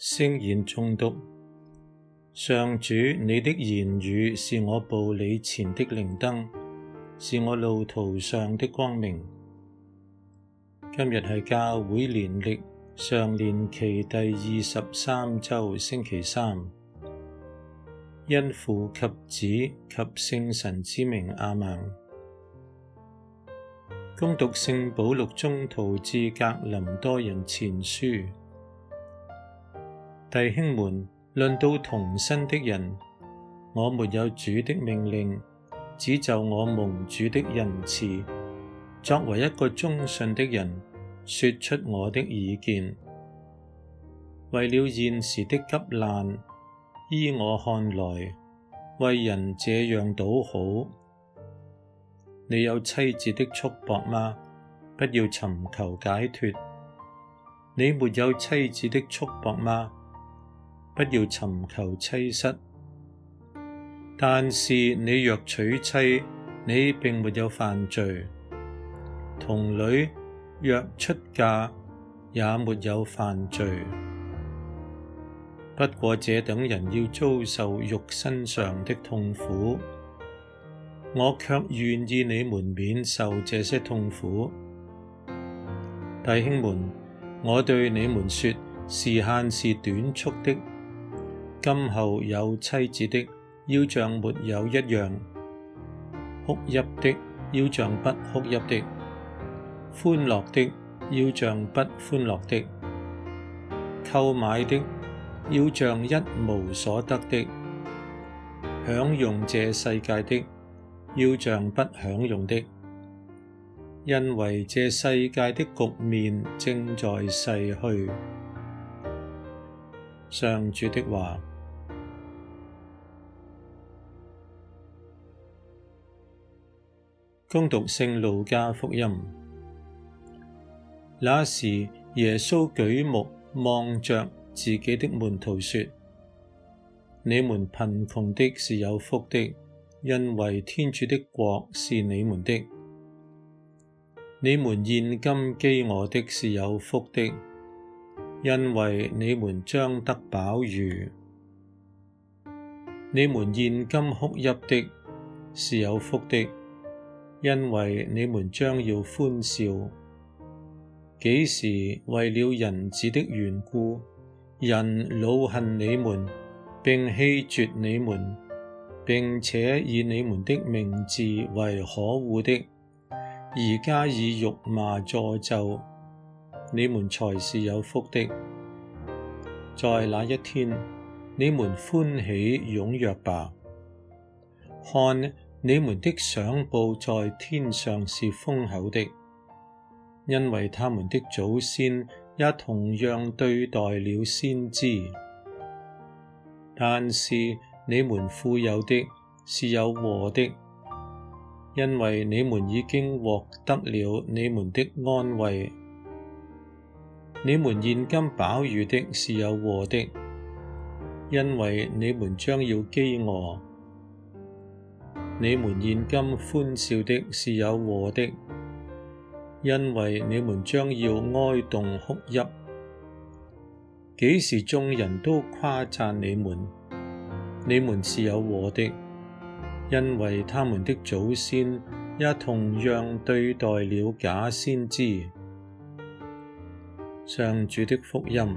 聖言誦讀，上主，你的言語是我步履前的靈燈，是我路途上的光明。今日係教會年曆常年期第二十三周星期三，因父及子及聖神之名亞孟。恭讀聖保禄宗徒致格林多人前書。弟兄們，論到童身的人，我沒有主的命令，只就我蒙主的仁慈，作為一個忠信的人，說出我的意見。為了現時的急難，依我看來，為人這樣倒好。你有妻子的束縛嗎？不要尋求解脫。你沒有妻子的束縛嗎？不要尋求妻室，但是你若娶妻，你並沒有犯罪；童女若出嫁，也沒有犯罪。不過這等人要遭受肉身上的痛苦，我卻願意你們免受這些痛苦。弟兄們，我對你們說，時限是短促的。今後有妻子的，要像沒有一樣；哭泣的，要像不哭泣的；歡樂的，要像不歡樂的；購買的，要像一無所得的；享用這世界的，要像不享用的。因為這世界的局面正在逝去。上主的話。恭讀聖路加福音，那時耶穌舉目望着自己的門徒說：你們貧窮的是有福的，因為天主的國是你們的；你們現今饑餓的是有福的，因為你們將得飽飫；你們現今哭泣的是有福的。因為你們將要歡笑，幾時為了人子的緣故，人惱恨你們，並棄絕你們，並且以你們的名字為可惡的，而加以辱罵詛咒，你們才是有福的。在那一天，你們歡喜踊躍吧，看。你們的賞報在天上是豐厚的，因為他們的祖先也同樣對待了先知。但是你們富有的是有禍的，因為你們已經獲得了你們的安慰。你們現今飽飫的是有禍的，因為你們將要飢餓。你們現今歡笑的，是有禍的，因為你們將要哀慟哭泣。幾時眾人都誇讚你們，你們是有禍的，因為他們的祖先也同樣對待了假先知。上主的福音。